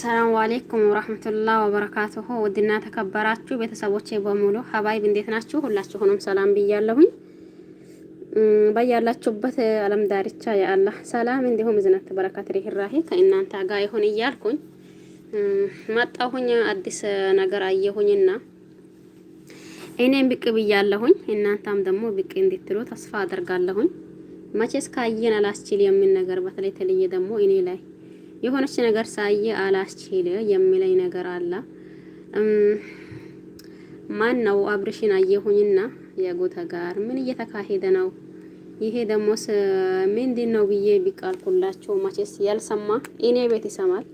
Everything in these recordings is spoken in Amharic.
ሰላሙ አሌይኩም ወራህመቱላህ ወበረካቱሁ ውድና ተከበራችሁ ቤተሰቦቼ በሙሉ ሀባይብ እንዴት ናችሁ? ሁላችሁንም ሰላም ብያለሁኝ። በያላችሁበት አለም ዳርቻ የአላህ ሰላም እንዲሁም እዝነት በረከት፣ ርህራሄ ከእናንተ ጋር ይሁን እያልኩኝ መጣሁኝ። አዲስ ነገር አየሁኝና እኔም ብቅ ብያለሁኝ። እናንተም ደግሞ ብቅ እንድትሉ ተስፋ አደርጋለሁኝ። መቼስ ካየን አላስችል የሚል ነገር በተለይ ተለየ ደግሞ እኔ ላይ የሆነች ነገር ሳየ አላስችል የሚለኝ ነገር አለ። ማን ነው አብርሽን አየሁኝና የጎተ ጋር ምን እየተካሄደ ነው? ይሄ ደግሞ ምንድን ነው ብዬ ቢቃልኩላቸው መቼስ ያልሰማ እኔ ቤት ይሰማል።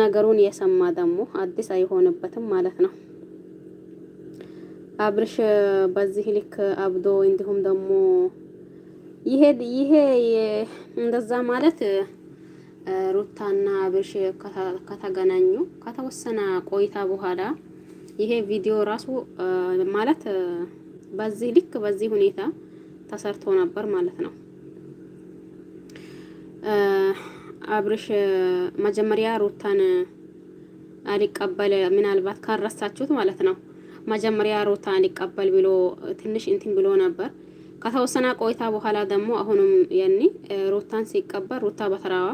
ነገሩን የሰማ ደግሞ አዲስ አይሆንበትም ማለት ነው። አብርሽ በዚህ ልክ አብዶ እንዲሁም ደግሞ ይሄ ይሄ እንደዛ ማለት ሩታና አብርሽ ከተገናኙ ከተወሰነ ቆይታ በኋላ ይሄ ቪዲዮ ራሱ ማለት በዚህ ልክ በዚህ ሁኔታ ተሰርቶ ነበር ማለት ነው። አብርሽ መጀመሪያ ሩታን አሊቀበል ምናልባት ካረሳችሁት ማለት ነው። መጀመሪያ ሩታን አሊቀበል ብሎ ትንሽ እንትን ብሎ ነበር። ከተወሰነ ቆይታ በኋላ ደግሞ አሁንም ያኔ ሩታን ሲቀበል ሩታ በተራዋ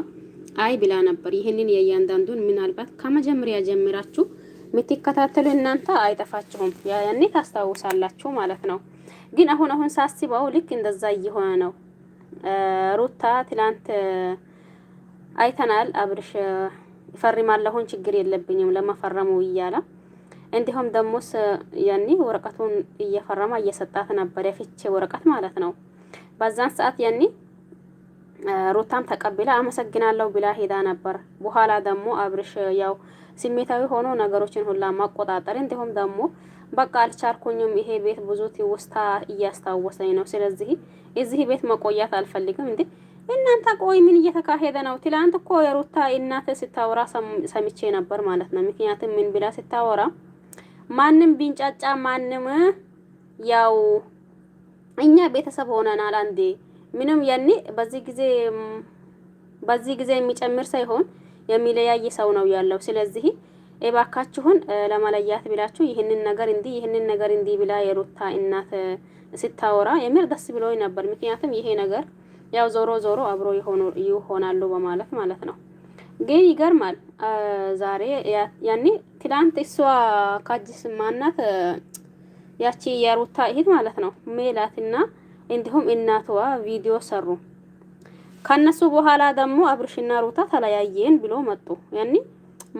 አይ ብላ ነበር። ይህንን የእያንዳንዱን ምናልባት ከመጀመሪያ ጀምራችሁ የምትከታተሉ እናንተ አይጠፋችሁም፣ ያኔ ታስታውሳላችሁ ማለት ነው። ግን አሁን አሁን ሳስበው ልክ እንደዛ እየሆነ ነው። ሩታ ትላንት አይተናል። አብርሽ ይፈርማል፣ ችግር የለብኝም ለመፈረሙ እያለ እንዲሁም ደግሞስ ያኔ ወረቀቱን እየፈረማ እየሰጣት ነበር፣ የፍቼ ወረቀት ማለት ነው። በዛን ሰዓት ያኔ ሩታም ተቀብላ አመሰግናለሁ ብላ ሄዳ ነበር። በኋላ ደግሞ አብርሽ ያው ስሜታዊ ሆኖ ነገሮችን ሁላ ማቆጣጠር እንዲሁም ደግሞ በቃ አልቻልኩኝም፣ ይሄ ቤት ብዙ ትውስታ እያስታወሰኝ ነው፣ ስለዚህ እዚህ ቤት መቆያት አልፈልግም። እንዴ እናንተ ቆይ ምን እየተካሄደ ነው? ትላንት እኮ የሩታ እናት ስታወራ ሰምቼ ነበር ማለት ነው። ምክንያቱም ምን ብላ ስታወራ ማንም ቢንጫጫ ማንም ያው እኛ ቤተሰብ ሆነናል አንዴ ምንም ያኔ በዚህ ጊዜ በዚህ ጊዜ የሚጨምር ሳይሆን የሚለያይ ሰው ነው ያለው። ስለዚህ እባካችሁን ለመለያት ብላችሁ ይህንን ነገር እንዲህ ይህንን ነገር እንዲ ብላ የሩታ እናት ስታወራ የምር ደስ ብሎኝ ነበር። ምክንያቱም ይሄ ነገር ያው ዞሮ ዞሮ አብሮ ይሆናሉ በማለት ማለት ነው። ግን ይገርማል። ዛሬ ያኔ ትላንት እሷ ካጅስ ማናት ያቺ የሩታ እህት ማለት ነው ሜላትና እንዲሁም እናትዋ ቪዲዮ ሰሩ። ከነሱ በኋላ ደግሞ አብርሽና ሩታ ተለያየን ብሎ መጡ። ያኒ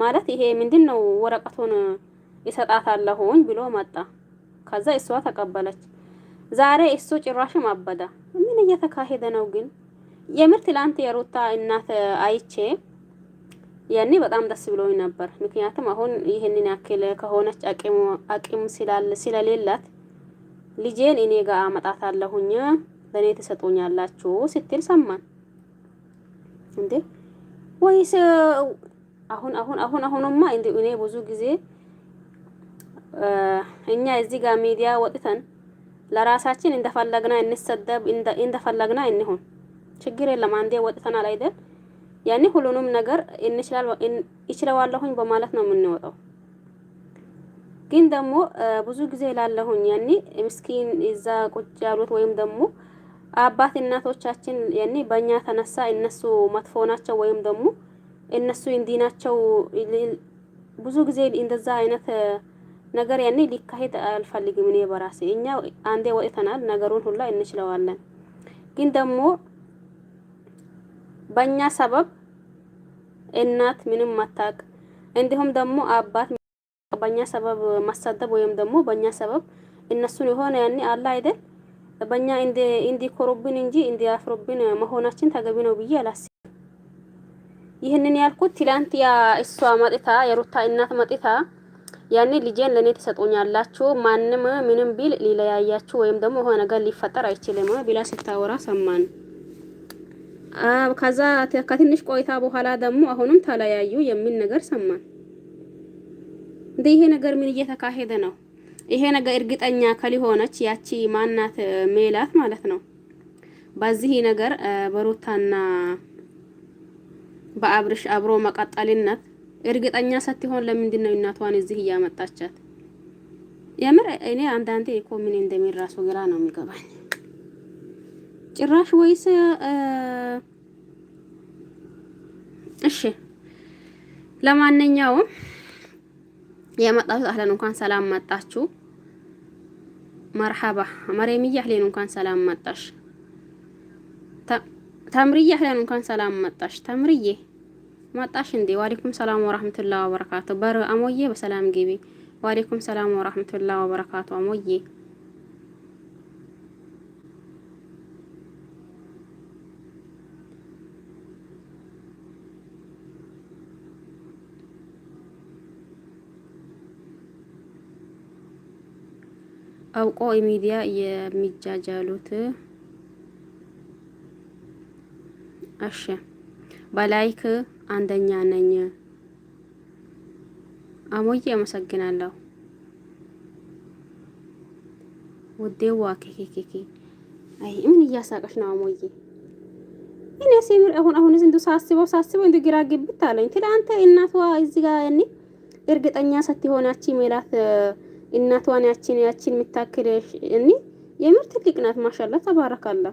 ማለት ይሄ ምንድን ነው? ወረቀቱን ይሰጣታለሁኝ ብሎ መጣ። ከዛ እሷ ተቀበለች። ዛሬ እሱ ጭራሽም አበዳ። ምን እየተካሄደ ነው ግን? የምር ትላንት የሩታ እናት አይቼ ያኔ በጣም ደስ ብሎኝ ነበር። ምክንያቱም አሁን ይህንን ያክል ከሆነች አቅም ስላለ ስለሌላት ልጄን እኔ ጋር አመጣታለሁኝ ለእኔ ትሰጡኛላችሁ ስትል ሰማን። እንዴ ወይስ አሁን አሁን አሁን አሁንማ እንዴ እኔ ብዙ ጊዜ እኛ እዚህ ጋር ሚዲያ ወጥተን ለራሳችን እንደፈለግና እንሰደብ እንደፈለግና እንሆን ችግር የለም። አንዴ ወጥተናል አይደል? ያኔ ሁሉንም ነገር እንችላለሁኝ በማለት ነው የምንወጣው። ግን ደግሞ ብዙ ጊዜ ላለሁኝ ያኔ ምስኪን እዛ ቁጭ ያሉት ወይም ደግሞ አባት እናቶቻችን ያኔ በእኛ ተነሳ እነሱ መጥፎ ናቸው ወይም ደግሞ እነሱ እንዲህ ናቸው። ብዙ ጊዜ እንደዛ አይነት ነገር ያኔ ሊካሄድ አልፈልግም እኔ በራሴ። እኛ አንዴ ወጥተናል፣ ነገሩን ሁላ እንችለዋለን። ግን ደግሞ በእኛ ሰበብ እናት ምንም ማታቅ እንዲሁም ደግሞ አባት በእኛ ሰበብ ማሳደብ ወይም ደግሞ በእኛ ሰበብ እነሱን የሆነ ያኔ አለ አይደል በእኛ እንዲኮሩብን እንጂ እንዲያፍሩብን መሆናችን ተገቢ ነው ብዬ አላስ ይህንን ያልኩት ትላንት ያ እሷ መጥታ የሩታ እናት መጥታ ያኔ ልጄን ለእኔ ትሰጡኛላችሁ ማንም ምንም ቢል ሊለያያችሁ ወይም ደግሞ የሆነ ነገር ሊፈጠር አይችልም ቢላ ስታወራ ሰማን። ከዛ ከትንሽ ቆይታ በኋላ ደግሞ አሁንም ተለያዩ የሚል ነገር ሰማን። እንደ ይሄ ነገር ምን እየተካሄደ ነው? ይሄ ነገር እርግጠኛ ከሊሆነች ያቺ ማናት ሜላት ማለት ነው። በዚህ ነገር በሩታና በአብርሽ አብሮ መቀጠልነት እርግጠኛ ሳትሆን ለምንድን ነው እናቷን እዚህ እያመጣቻት? የምር እኔ አንዳንዴ እኮ ምን እንደሚል ራሱ ግራ ነው የሚገባኝ። ጭራሽ ወይስ እሺ፣ ለማንኛውም የመጣችሁ አህለን እንኳን ሰላም መጣችሁ። መርሐባ መሬምዬ አህለን እንኳን ሰላም መጣሽ። ተምርዬ አህለን እንኳን ሰላም መጣሽ። ተምርዬ መጣሽ እንዴ? ዋሌኩም ሰላም ወራህመቱላሂ ወበረካቱ። በር አሞዬ በሰላም ግቢ። ዋሌኩም ሰላም ወራህመቱላሂ ወበረካቱ አሞዬ አውቆ ሚዲያ የሚጃጃሉት እሺ በላይክ አንደኛ ነኝ። አሞዬ አመሰግናለሁ። ወዴዋ ኬኬኬኬ አይ ምን እያሳቀሽ ነው አሞዬ? እኔ ሲምር አሁን አሁን እንዱ ሳስበው ሳስበው እንዱ ግራ ግብት አለኝ። ትላንት እናቷ እዚህ ጋር እኔ እርግጠኛ ሆናች ሜላት እናቷን ያችን ያችን የምታክል እኒ የምር ትልቅ ናት። ማሻላ ተባረካላ።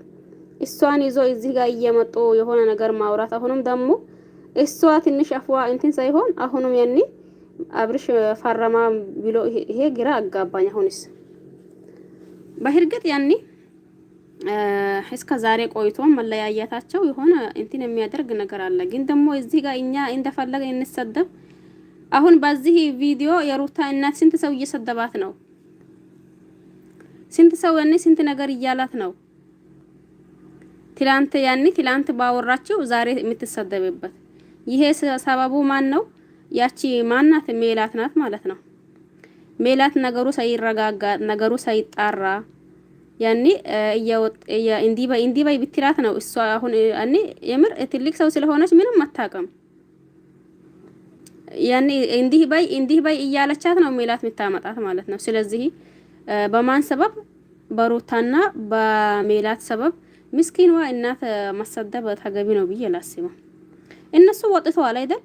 እሷን ይዞ እዚህ ጋር እየመጡ የሆነ ነገር ማውራት አሁንም ደግሞ እሷ ትንሽ አፏ እንትን ሳይሆን አሁንም ያኔ አብርሽ ፈረማ ብሎ ይሄ ግራ አጋባኝ። አሁንስ በእርግጥ ያኒ እስከ ዛሬ ቆይቶ መለያየታቸው የሆነ እንትን የሚያደርግ ነገር አለ። ግን ደግሞ እዚህ ጋር እኛ እንደፈለገ እንሰደብ አሁን በዚህ ቪዲዮ የሩታ እናት ስንት ሰው እየሰደባት ነው። ስንት ሰው ያኔ ስንት ነገር እያላት ነው። ትላንት ያኔ ትላንት ባወራችው ዛሬ የምትሰደብበት ይሄ ሰበቡ ማን ነው? ያቺ ማናት? ሜላት ናት ማለት ነው። ሜላት ነገሩ ሳይረጋጋ ነገሩ ሳይጣራ ያኔ እያወጥ እንዲህ በይ ብትላት ነው እሷ አሁን ያኔ የምር ትልቅ ሰው ስለሆነች ምንም አታውቅም። ያኔ እንዲህ በይ እንዲህ በይ እያለቻት ነው ሜላት የምታመጣት ማለት ነው። ስለዚህ በማን ሰበብ በሩታና በሜላት ሰበብ ምስኪንዋ እናት ማሰደብ ተገቢ ነው ብዬ ላስበው። እነሱ ወጥተዋል አይደል?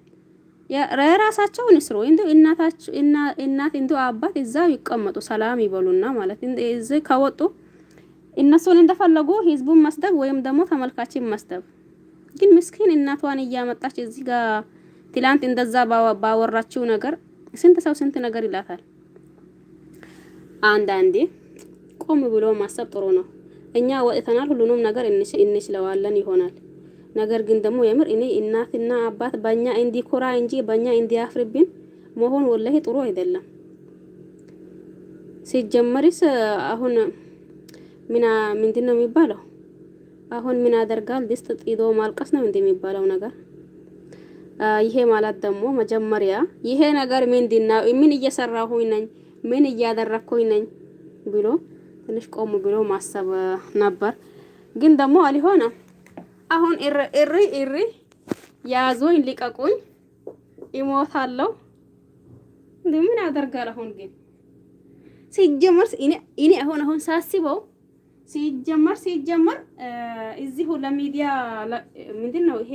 የራሳቸውን ስሩ። እንዱ እናታቸው እናት እንዶ አባት እዛ ይቀመጡ ሰላም ይበሉና ማለት እዚ ከወጡ እነሱን እንደፈለጉ ህዝቡን መስደብ ወይም ደግሞ ተመልካችን መስደብ ግን ምስኪን እናቷን እያመጣች እዚህ ጋር ትላንት እንደዛ ባወራችው ነገር ስንት ሰው ስንት ነገር ይላታል። አንዳንዴ ቆም ብሎ ማሰብ ጥሩ ነው። እኛ ወጥተናል፣ ሁሉንም ነገር እንችለዋለን ይሆናል። ነገር ግን ደግሞ የምር እኔ እናትና አባት በእኛ እንዲኮራ እንጂ በእኛ እንዲያፍርብን መሆን ወላሂ ጥሩ አይደለም። ሲጀመርስ አሁን ምና ምንድን ነው የሚባለው? አሁን ምን አደርጋል ድስት ጥዶ ማልቀስ ነው እንደሚባለው ነገር ይሄ ማለት ደግሞ መጀመሪያ ይሄ ነገር ምንድነው? ምን እየሰራሁኝ ነኝ? ምን እያደረግኩኝ ነኝ ብሎ ትንሽ ቆም ብሎ ማሰብ ነበር። ግን ደግሞ አልሆነ። አሁን እሪ እሪ ያዞኝ፣ ሊቀቁኝ፣ ይሞታለሁ። ምን ያደርጋል አሁን ግን ሲጀመር እኔ አሁን አሁን ሳስበው ሲጀመር ሲጀመር እዚሁ ለሚዲያ ምንድን ነው ይሄ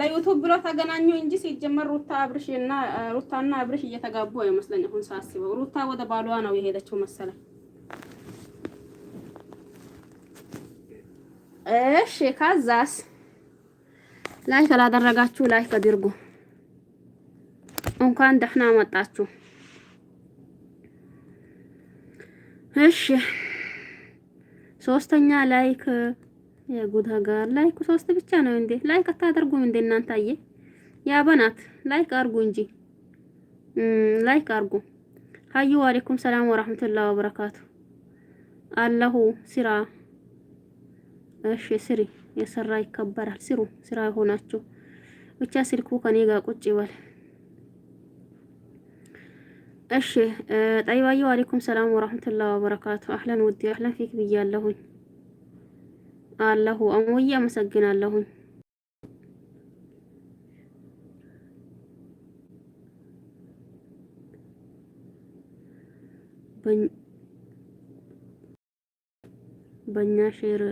ለዩቱብ ብሎ ተገናኙ እንጂ ሲጀመር ሩታ እና ሩታና አብርሽ እየተጋቡ አይመስለኝ። አሁን ሳስበው ሩታ ወደ ባሏ ነው የሄደችው መሰለኝ። እሺ፣ ከዛስ ላይክ አላደረጋችሁ ላይክ አድርጉ። እንኳን ደህና መጣችሁ። እሺ፣ ሶስተኛ ላይክ የጉድ ጋር ላይክ ሶስት ብቻ ነው እንዴ? ላይክ አታደርጉም እንዴ እናንተ? አየ ያ በናት ላይክ አርጉ እንጂ ላይክ አርጉ። ሀዩ አለይኩም ሰላም ወራህመቱላሂ ወበረካቱ። አላሁ ስራ እሺ፣ ስሪ የሰራ ይከበራል። ስሩ ስራ ይሆናችሁ ብቻ። ስልኩ ከኔ ጋር ቁጭ ይበል። እሺ ጠይባየው አለይኩም ሰላም ወራህመቱላሂ ወበረካቱ። አህለን ውዲ አህለን ፊክ ብያለሁኝ። አለሁ እሙዬ፣ አመሰግናለሁኝ። በእኛ ሼር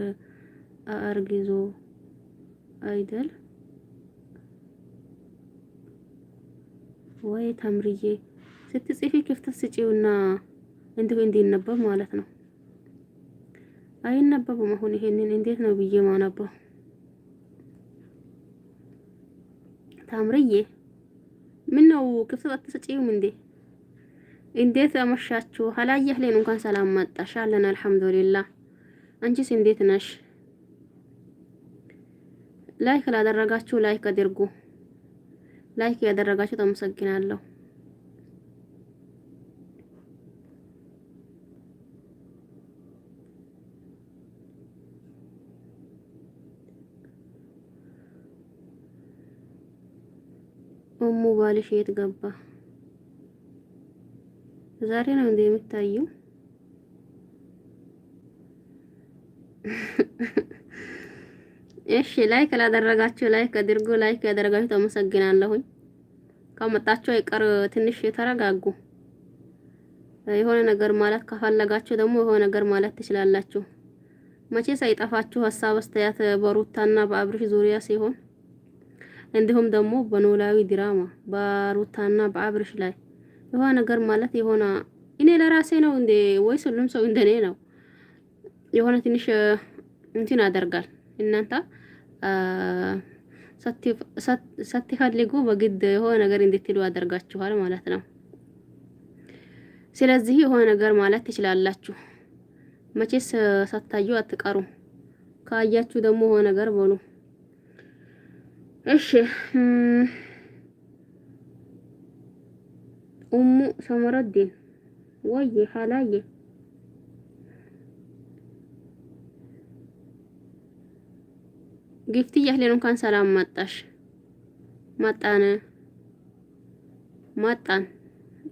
አርጊዞ አይደል ወይ? ተምርዬ ስትጽፊ ክፍተት ስጪውና እንዲሁ እንዲነበብ ማለት ነው። አይነበብም። አሁን ይሄንን እንዴት ነው ብዬ ማነበው? ታምርዬ ምን ነው ክፍተት አትሰጪውም እንዴ? እንዴት አመሻችሁ? ሀላየህ እንኳን ሰላም መጣሽ አለን። አልሐምዱሊላ አንቺስ እንዴት ነሽ? ላይክ ላደረጋችሁ ላይክ አድርጉ። ላይክ ያደረጋችሁ ተመሰግናለሁ። እሙ ባልሽ የት ገባ? ዛሬ ነው እንደ የምታየው? እሺ ላይክ ላደረጋችሁ ላይክ አድርጉ። ላይክ ያደረጋችሁ ተመሰግናለሁኝ። ከመጣችሁ አይቀር ትንሽ ተረጋጉ። የሆነ ነገር ማለት ከፈለጋችሁ ደግሞ የሆነ ነገር ማለት ትችላላችሁ። መቼ ሳይጠፋችሁ ሀሳብ አስተያየት በሩታና በአብርሽ ዙሪያ ሲሆን እንዲሁም ደግሞ በኖላዊ ድራማ በሩታና በአብርሽ ላይ የሆነ ነገር ማለት የሆነ እኔ ለራሴ ነው እንዴ ወይስ ሁሉም ሰው እንደኔ ነው? የሆነ ትንሽ እንትን አደርጋል እናንተ ሳትፈልጉ በግድ የሆነ ነገር እንድትሉ አደርጋችኋል ማለት ነው። ስለዚህ የሆነ ነገር ማለት ትችላላችሁ። መቼስ ሳታዩ አትቀሩ። ካያችሁ ደግሞ የሆነ ነገር በሉ። እሺ ኡሙ ሰመረዲን ወይ ሀላዬ ጊፍት እያህሌን እንኳን ሰላም መጣሽ። መጣን መጣን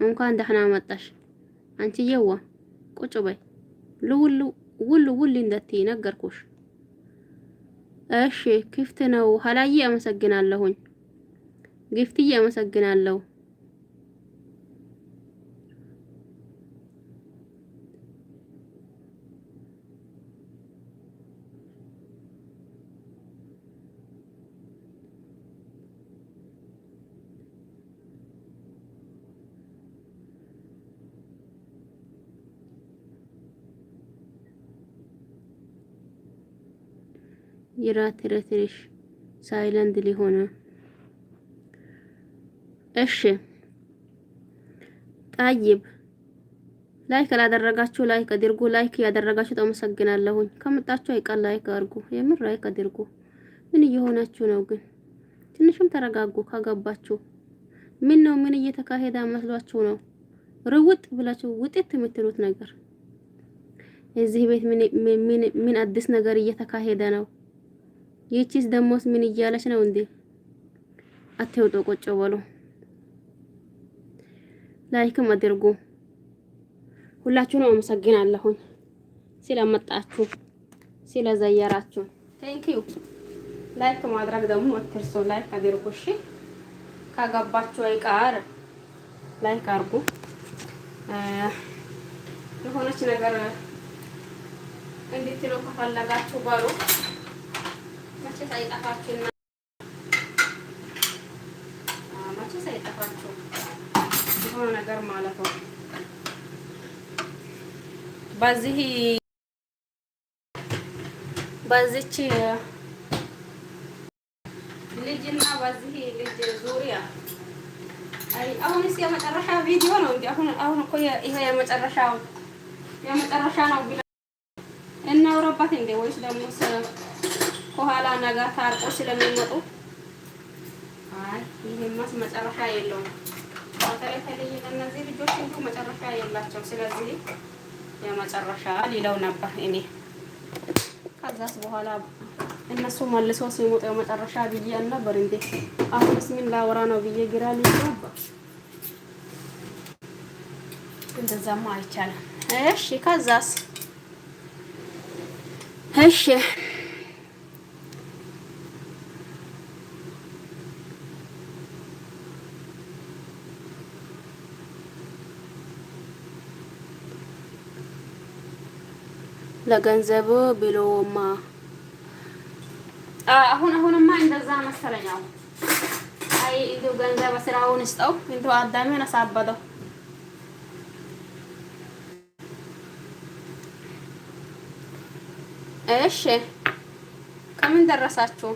እንኳን ደህና መጣሽ። አንቺ የዋ ቁጭ በይ ልውል ውል ውል እንደት ነገርኩሽ። እሺ ክፍት ነው ሀላዬ፣ አመሰግናለሁኝ። ግፍትዬ አመሰግናለሁ። ይራትረትሽ ሳይለንድ ሊሆነ እሺ ጠይብ ላይክ ላደረጋችሁ ላይክ አድርጉ። ላይክ ያደረጋችሁ ተመሰግናለሁኝ። ከመጣችሁ አይቀር ላይክ አድርጉ። የምር ላይክ አድርጉ። ምን እየሆናችሁ ነው ግን? ትንሽም ተረጋጉ። ካገባችሁ ምን ነው ምን እየተካሄደ መስሏችሁ ነው? ርውጥ ብላችሁ ውጤት የምትሉት ነገር እዚህ ቤት ምን ምን አዲስ ነገር እየተካሄደ ነው? ይቺስ ደሞስ ምን እያለች ነው እንዴ? አትውጡ፣ ቁጭ በሉ። ላይክም አድርጉ። ሁላችሁን አመሰግናለሁኝ ስለመጣችሁ ስለዘየራችሁ። ቴንክ ዩ። ላይክ ማድረግ ደግሞ አትርሱ። ላይክ አድርጉ። እሺ ካገባችሁ አይቀር ላይክ አድርጉ። የሆነች ነገር እንድትሉ ከፈለጋችሁ በሉ መቼስ አይጠፋችሁና መቼስ አይጠፋችሁ የሆነ ነገር ማለት ነው። በዚህ በዚች ልጅና በዚህ ልጅ ዙሪያ አሁንስ የመጨረሻ ቪዲዮ ነው እንጂ አሁን አሁን እኮ ይሄ የመጨረሻው የመጨረሻ ነው ብላ እናውራባት እንዴ ወይስ ደግሞ ከኋላ ነገ ታርቆ ስለሚመጡ አይ ይሄማስ መጨረሻ የለውም። በተለይ ተለይ እነዚህ ልጆች መጨረሻ የላቸው። ስለዚህ የመጨረሻ ነበር እኔ ከዛስ በኋላ እነሱ መልሶ ሲሞጡ የመጨረሻ ብዬ አልነበር እንዴ? አሁንስ ምን ላወራ ነው ብዬ ግራ ሊገባ እንደዛማ አይቻልም። እሺ ከዛስ እሺ ለገንዘብ ብሎማ አሁን አሁንማ እንደዛ መሰለኝ። አሁን አይ እንደው ገንዘብ ስራውን ስጠው፣ እንደው አዳሚውን አሳበደው። እሺ ከምን ደረሳችሁ?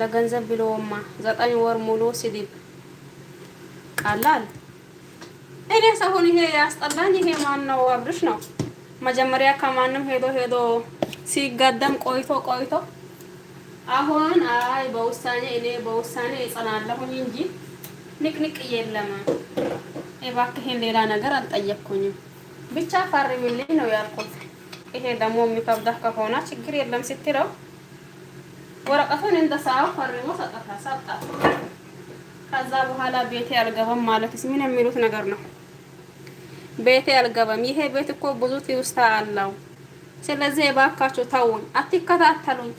ለገንዘብ ወማ ዘጠኝ ወር ሙሉ ስድብ ቀላል። እኔ ሰሁን ይሄ ያስጠላኝ። ይሄ ማን ነው? አብርሽ ነው። መጀመሪያ ከማንም ሄዶ ሄዶ ሲጋደም ቆይቶ ቆይቶ አሁን አይ በውሳኔ እኔ በውሳኔ እጸናለሁኝ እንጂ ንቅንቅ የለም። እባክህን ሌላ ነገር አልጠየቅኩኝም፣ ብቻ ፈርሚልኝ ነው ያልኩት። ይሄ ደግሞ የሚከብዳህ ከሆነ ችግር የለም ስትለው ወረቀቱን እንደሰራው ፈርሞ ሰጠታ ሰጣት። ከዛ በኋላ ቤቴ አልገባም ማለት ምን የሚሉት ነገር ነው? ቤቴ አልገባም። ይሄ ቤት እኮ ብዙ ትውስታ አለው። ስለዚህ የባካችሁ ተውኝ፣ አትከታተሉኝ።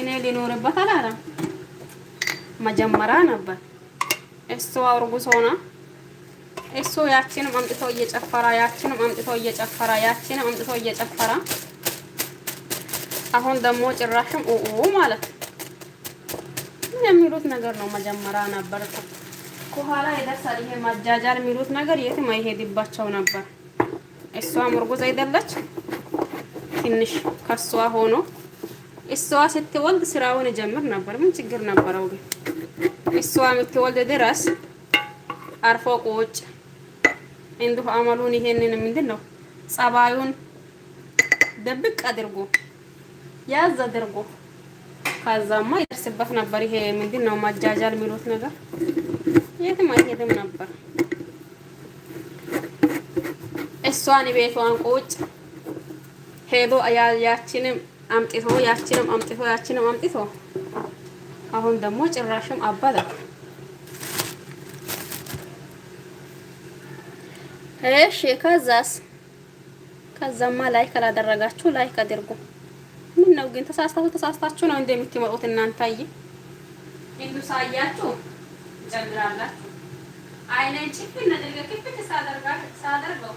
እኔ ሊኖርበት አላለም መጀመሪያ ነበር እሱ አውርጉዝ ሆና እሱ ያችንም አምጥቶ እየጨፈራ ያችንም አምጥቶ እየጨፈራ ያችንም አምጥቶ እየጨፈራ አሁን ደግሞ ጭራሽም ኡኡ ማለት ምን የሚሉት ነገር ነው? መጀመሪያ ነበር ከኋላ ይደርሳል። ይሄ ማጃጃል የሚሉት ነገር የትም አይሄድባቸው ነበር። እሷ ምርጉዝ አይደለች። ትንሽ ከሷ ሆኖ እሷ ስትወልድ ስራውን ጀምር ነበር። ምን ችግር ነበረው? ግን እሷ የምትወልድ ድረስ አርፎ ቁጭ እንዲሁ አመሉን ይሄንን ምንድን ነው ጸባዩን ደብቅ አድርጎ ያዝ አድርጎ ከዛማ ይደርስበት ነበር። ይሄ ምንድን ነው ማጃጃል የሚሉት ነገር የትም አይሄድም ነበር። እሷን ቤቷን ቁጭ ሄዶ ያችንም አምጥቶ ያችንም አምጥቶ ያችንም አምጥቶ አሁን ደግሞ ጭራሽም አባታ እሺ ከዛስ ከዛማ ላይ ካላደረጋችሁ ላይ አድርጉ። ምን ነው ግን ተሳስታችሁ ተሳስታችሁ ነው እንደምትመጡት እናንተ አይ እንዱ ሳያችሁ ጨምራላችሁ። አይነን ችግር ነጥልገ ክፍት ሳደርጋ ሳደርገው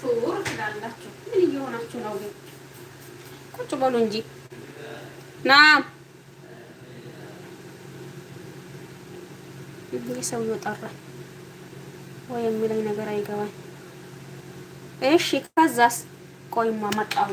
ቱር ትላላችሁ። ምን እየሆናችሁ ነው ግን? ቁጭ በሉ እንጂ ና ይሄ ሰውዬው ጠራ ወይ የሚለኝ ነገር አይገባኝ። እሺ ከዛስ ቆይማ መጣሁ።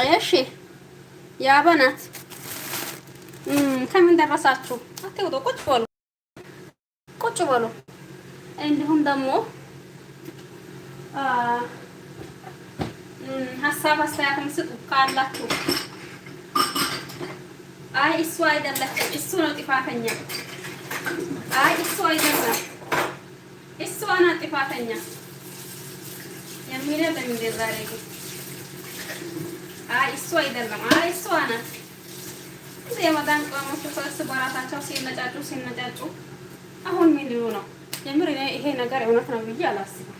እሺ ያበናት ከምን ደረሳችሁ? አትወጡ፣ ቁጭ በሉ፣ ቁጭ በሉ። እንዲሁም ደግሞ ሀሳብ አስተያየትም ስጡ ካላችሁ። አይ እሱ አይደለም፣ እሱ ነው ጥፋተኛ። አይ እሱ አይደለም፣ እሱ አና ጥፋተኛ የሚለ ለምንድን ዛሬ እሱ አይደለም እሷ ናት። እዚህ የመዳን ቅመሞች እርስ በራሳቸው ሲነጫጩ ሲነጫጩ አሁን ምን ሊሉ ነው? የምር ይሄ ነገር እውነት ነው ብዬ አላስብም።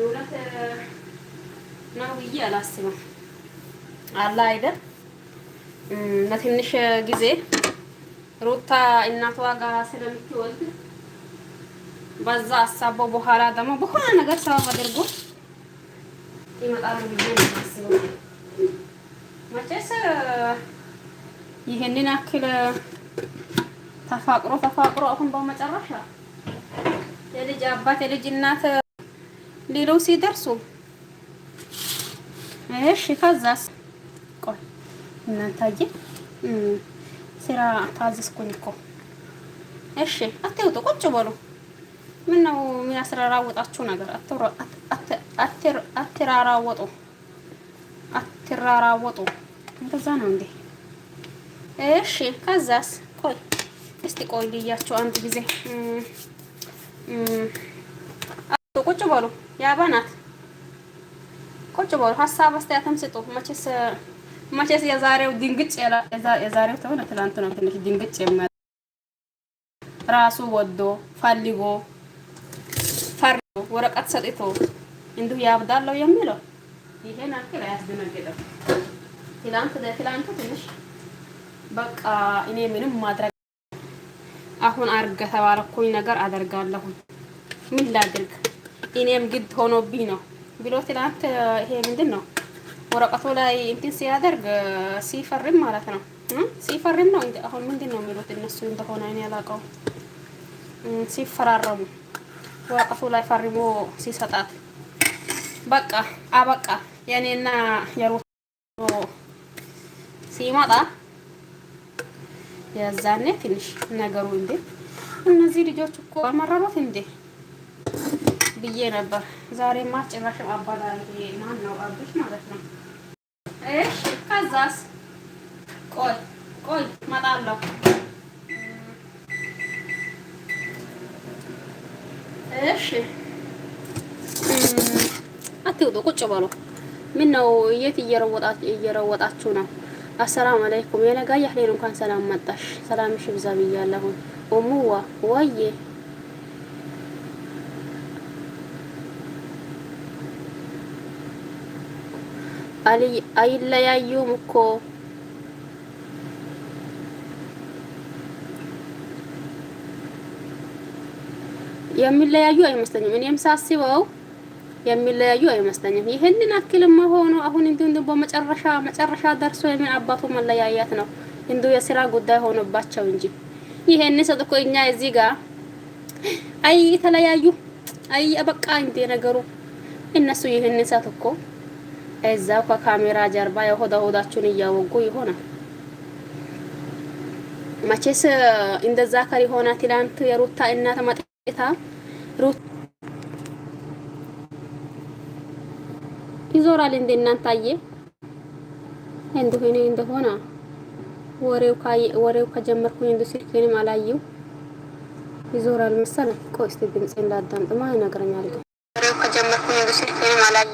እውነት ነው ብዬ አላስብም። አላ አይደል ለትንሽ ጊዜ ሩታ እናቷ ጋር ስለምትወልድ በዛ አሳቦ በኋላ ደግሞ በሆነ ነገር ሰበብ አድርጎ ይመጣሉ ብዬ ነው የማስበው። መቼስ ይህንን አክል ተፋቅሮ ተፋቅሮ አሁን በመጨረሻ የልጅ አባት የልጅ እናት ሊሉ ሲደርሱ እሺ፣ ከዛስ ቆይ ስራ ታዘዝኩኝ እኮ እሺ፣ አትውጡ፣ ቁጭ በሉ። ነገር አትራራወጡ። ሲራራወጡ እንደዛ ነው እንዴ? እሺ፣ ከዛስ? ቆይ እስቲ ቆይ ልያቸው አንድ ጊዜ ቁጭ በሉ ያባናት ቁጭ በሉ ሀሳብ አስተያየትም ስጡ። መቼስ መቼስ የዛሬው ድንግጭ የዛሬው ተሆነ ትላንት ነው ትንሽ ድንግጭ የሚያ ራሱ ወዶ ፈልጎ ፈርዶ ወረቀት ሰጥቶ እንዲሁ ያብዳለው የሚለው ይሄን አክል አያስደነግጥም። ትላንት ለትላንቱ ትንሽ በቃ እኔ ምንም ማድረግ አሁን አርገ ተባረኩኝ ነገር አደርጋለሁ ምን ላድርግ እኔም ግድ ሆኖብኝ ነው ብሎ ትላንት ይሄ ምንድን ነው ወረቀቱ ላይ እንትን ሲያደርግ ሲፈርም ማለት ነው ሲፈርም ነው አሁን ምንድን ነው የሚሉት እነሱ እንደሆነ እኔ አላውቀውም። ሲፈራረሙ ወረቀቱ ላይ ፈርሞ ሲሰጣት በቃ አበቃ። የእኔና የሩት ሲመጣ የዛኔ ትንሽ ነገሩ እንዴ እነዚህ ልጆች እኮ አመረሩት እንዴ ብዬ ነበር። ዛሬ ጭራሽም አባላ ማን ነው አብሽ ማለት ነው። እሺ ከዛስ ቆይ ቆይ እመጣለሁ። እሺ አትውጡ፣ ቁጭ በሉ። ምን ነው የት እየረወጣችሁ ነው? አሰላም አለይኩም የነጋ ያህሌን እንኳን ሰላም መጣሽ፣ ሰላምሽ ይብዛ ብያለሁኝ። ኦሙዋ ወዬ አይለያዩም እኮ የሚለያዩ አይመስለኝም እኔም ሳስበው የሚለያዩ አይመስለኝም። ይህንን አክል መሆኑ አሁን እንዲሁ እንዲሁ በመጨረሻ መጨረሻ ደርሶ የምን አባቱ መለያያት ነው እንዲሁ የስራ ጉዳይ ሆኖባቸው እንጂ ይሄን ሰው እኮ እኛ እዚህ ጋር አይ የተለያዩ አይ አበቃ እንዴ ነገሩ እነሱ ይህን ሰዓት እኮ እዛው ከካሜራ ጀርባ የሆዳ ሆዳችሁን እያወጉ ይሆናል። መቼስ እንደዛ ከሪ ሆና ትላንት የሩታ እናት መጥታ ሩታ ይዞራል እንደ እናንታዬ እንደሆነ እንደሆነ ወሬው ካየ ወሬው ከጀመርኩኝ እንደ ስልኬንም አላየው ይዞራል መሰለ። ቆይ እስቲ ድምጽ እንዳዳምጥማ ይነግረኛል። ወሬው ከጀመርኩኝ እንደ ስልኬንም አላየው